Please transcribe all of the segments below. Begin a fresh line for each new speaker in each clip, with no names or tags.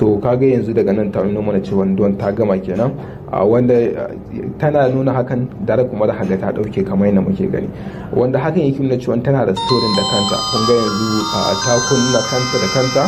so kaga yanzu daga nan ta nuna mana cewa don ta gama kenan wanda tana nuna hakan da kuma da haga ta dauke kamar yadda muke gani wanda hakan yake nuna cewa tana da storin da kanta kun ga yanzu ta kunna kanta da kanta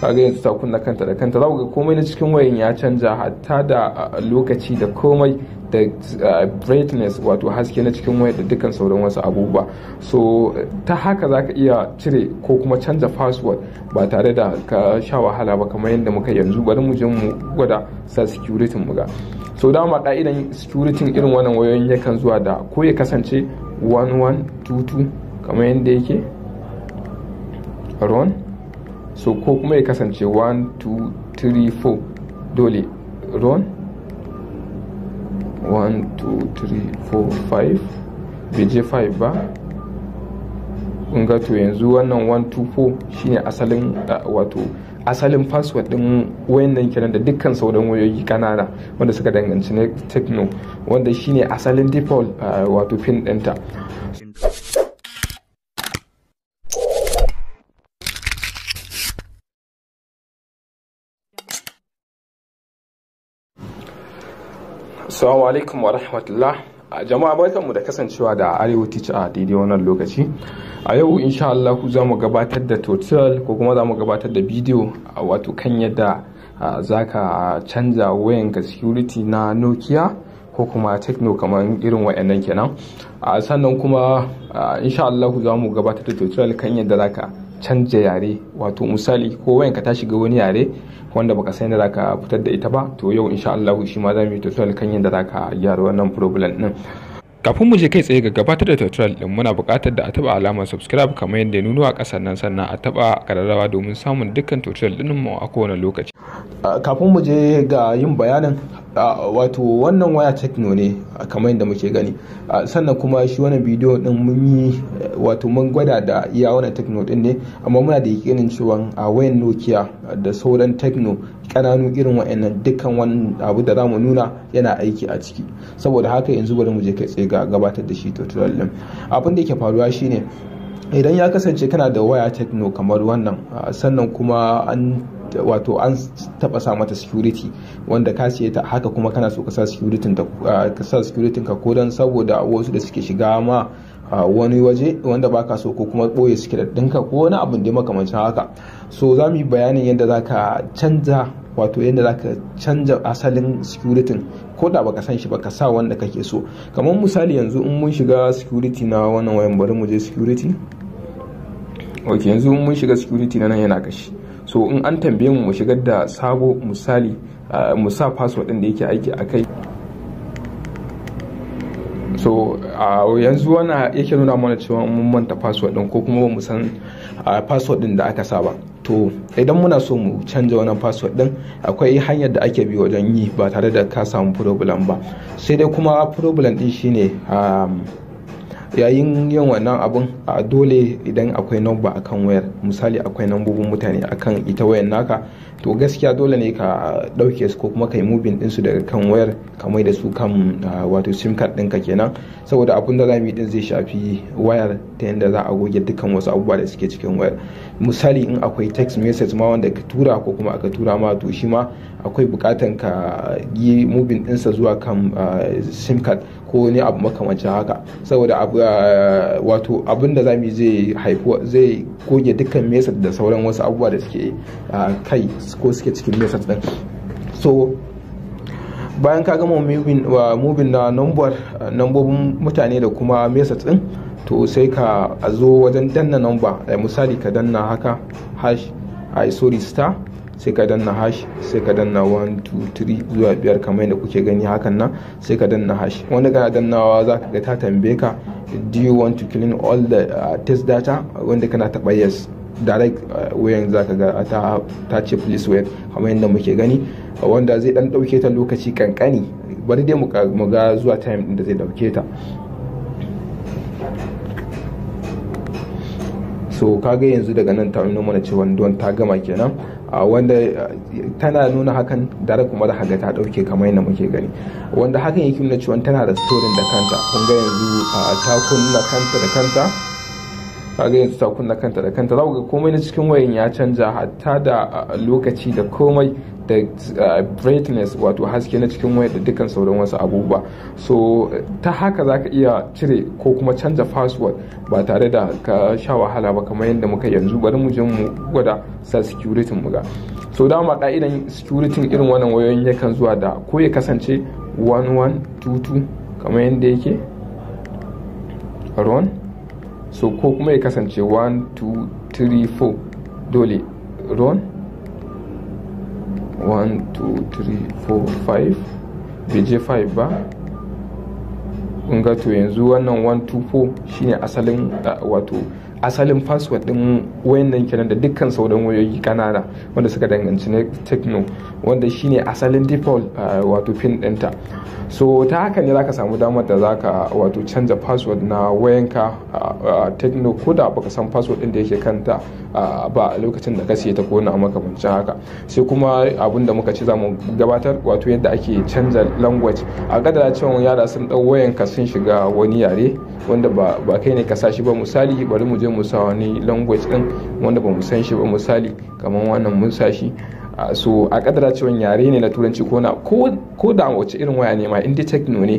kaga yanzu ta kunna kanta da kanta za ga komai na cikin wayan ya canja hatta da lokaci da komai da uh, brightness wato haske na cikin waya da dukkan sauran wasu abubuwa so ta haka za ka iya cire ko kuma canza password ba tare da ka sha wahala ba kamar yadda muka yanzu bari mu je mu gwada sa security mu ga so dama ka'idan security irin wannan wayoyin yakan zuwa da ko ya kasance 1122 kamar yadda yake ron so ko kuma ya kasance 1234 dole ron 1 2 3 4 5 bai je 5 ba in ga to yanzu wannan 124 shine asalin ah, wato asalin password din nan kenan da dukkan sauran wayoyi kanana wanda suka danganci na techno wanda shine asalin default ah, wato pin ɗinta salamu alaikum wa rahmatullah. Jama'a barkanmu da kasancewa da Arewa tici a daidai wannan lokaci. A yau insha Allah za mu gabatar da total ko kuma za mu gabatar da bidiyo a wato kan yadda za ka canza wayanka security na Nokia ko kuma Techno kamar irin wayannan kenan. Sannan kuma insha Allah za mu gabatar da total kan yadda za ka canja yare wato misali ko ka ta ga wani yare wanda baka san da zaka fitar da ita ba to yau insha Allah shi ma za yi tutorial kan yadda zaka gyara wannan problem din kafin mu je kai tsaye ga gabatar da tutorial din muna buƙatar da a taba alamar subscribe kamar yadda nuno a ƙasar nan sannan a taba kararrawa domin samun dukkan tutorial din mu a kowane lokaci kafin mu je ga yin bayanin wato wannan waya techno ne kamar yadda muke gani sannan kuma shi wannan bidiyo din mun yi wato mun gwada da iya wannan techno din ne amma muna da yakinin cewa a wayan nokia da sauran techno kananu irin wa'annan dukkan wani abu da zamu nuna yana aiki a ciki saboda haka yanzu bari mu je kai tsaye ga gabatar da shi to din abin da yake faruwa shine idan ya kasance kana da waya techno kamar wannan sannan kuma an wato an taba sa mata security wanda ka siye ta haka kuma kana so ka sa security ah, ka sa security ka ko dan saboda wasu da suke shiga ma ah, wani waje wanda baka so ko kuma boye da dinka ko wani abin da makamancin haka so za mu yi bayanin yadda za ka canza wato yadda za ka canza asalin security ko da baka san shi baka sa wanda kake so kamar misali yanzu in mun shiga security na wannan wayan bari mu je security ok yanzu mun shiga security na nan yana kashi so in an tambaye mu mu shigar da sabo misali mu sa password din da yake aiki a kai so yanzu wana yake nuna mana cewa mun manta password din ko kuma ba mu san password din da aka sa ba to idan muna so mu canza wannan password din akwai hanyar da ake bi wajen yi ba tare da ka samu problem ba sai dai kuma problem din shine um, yayin yin wannan abun a dole idan akwai a kan wayar misali akwai nambobin mutane akan ita wayar naka to gaskiya dole ne ka ɗauke su ko kuma ka yi mubin ɗinsu daga kan wayar ka da su kan wato sim card ka kenan saboda abun da zamu yi din zai shafi wayar ta yanda za a goge dukkan wasu abubuwa da suke cikin wayar misali in akwai text message ma wanda ka tura ko kuma aka tura ma to shi ma akwai bukatan ka yi mubin ɗinsa zuwa kan sim card ko ne abu makamancin haka saboda eh, wato abin da zami zai haifu zai goge dukkan mesa da sauran wasu abubuwa da suke eh, kai ko suke cikin mesas din so bayan ka gama mubin eh, na number nambobin mutane da kuma mesa ɗin to sai ka zo wajen danna number misali ka danna haka hash i sorry star sai ka danna hash sai ka danna 1 2 3 zuwa biyar kamar yadda kuke gani hakan nan sai ka danna hash wanda kana dannawa za ka ga ta tambaye ka do you want to clean all the uh, test data wanda kana taba yes direct uh, wayan za ka ga ta ce please wait kamar yadda muke gani wanda zai dan dauke ta lokaci kankani bari dai mu ga zuwa time din da zai dauke ta so kaga yanzu daga nan ta nuna mana cewa don ta gama kenan wanda tana nuna hakan dare kuma da haga ta dauke kamar yadda muke gani wanda hakan yake nuna cewa tana da storin da kanta kun ga yanzu ta kunna kanta da kanta kaga yanzu ta kunna kanta da kanta za ku ga komai na cikin wayan ya canja hatta da lokaci da komai da brightness wato haske na cikin wayar da dukkan sauran wasu abubuwa so ta haka za ka iya cire ko kuma canza password ba tare da ka sha wahala ba kamar yadda muka yanzu bari mu je mu gwada sa security mu ga so dama ka'idan security irin wannan wayoyin yakan zuwa da ko ya kasance 1122 kamar yadda yake run so ko kuma ya kasance 1 2 3 4 dole run 1 2 3 4 5 bai je 5 ba kun ga to yanzu wannan 1 2 4 shine asalin uh, wato asalin password din wayannan kenan da dukkan sauran wayoyi kanana wanda suka danganci na techno wanda shine asalin default ah, wato pin dinta so ta haka ne zaka samu damar da zaka wato canza password na wayanka ah, ah, techno ko da baka san password din da yake kanta ba a lokacin da ka siya ta kona a makamancin haka sai kuma abin da muka ci za mu gabatar wato yadda ake canza language a kadara cewa yara sun dau wayan ka sun shiga wani yare wanda ba kai ne ka sa ba misali bari mu je mu sa wani language din wanda ba mu san shi ba misali kamar wannan mun sashi. so a kadara cewa yare ne na turanci ko na ko da wace irin waya ne ma in dai techno ne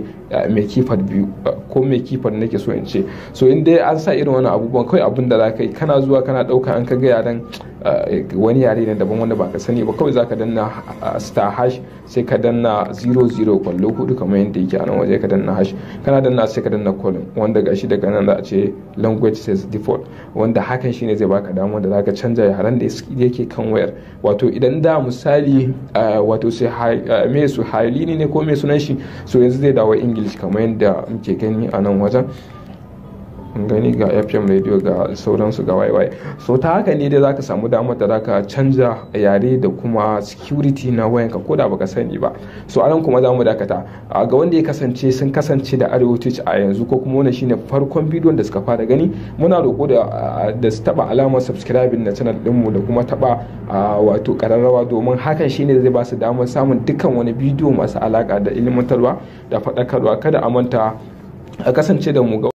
mai kifar biyu ko mai kifar nake so in ce so in dai an sa irin wani abubuwan kawai abin da za ka yi kana zuwa kana dauka an ka ga yaran Eh, wani yare ne daban wanda baka sani ba kawai zaka danna ah, star hash sai ka danna 00 kwallo hudu kamar yadda yake a nan waje ka danna hash kana danna sai ka danna colon wanda gashi daga nan za a ce language says default wanda hakan shine zai baka damar da zaka canza yaren da yake kan wayar wato idan da misali ah, wato sai ah, me su halini ne ko me sunan shi so yanzu zai dawo english kamar yadda muke gani a nan wajen gani ga fm radio ga sauransu ga yy so ta haka ne dai zaka samu damar da ka canja yare da kuma security na wayanka ko da baka sani ba so anan kuma mu dakata ga wanda ya kasance sun kasance da arewacin a yanzu ko kuma wannan shine farkon bidiyon da suka fara gani muna roko da da su taba alamar subscribing na channel mu da kuma taba wato kararrawa domin hakan shine zai ba su damar samun dukkan wani bidiyo masu alaka da ilmantarwa da faɗakarwa kada a manta a kasance da mu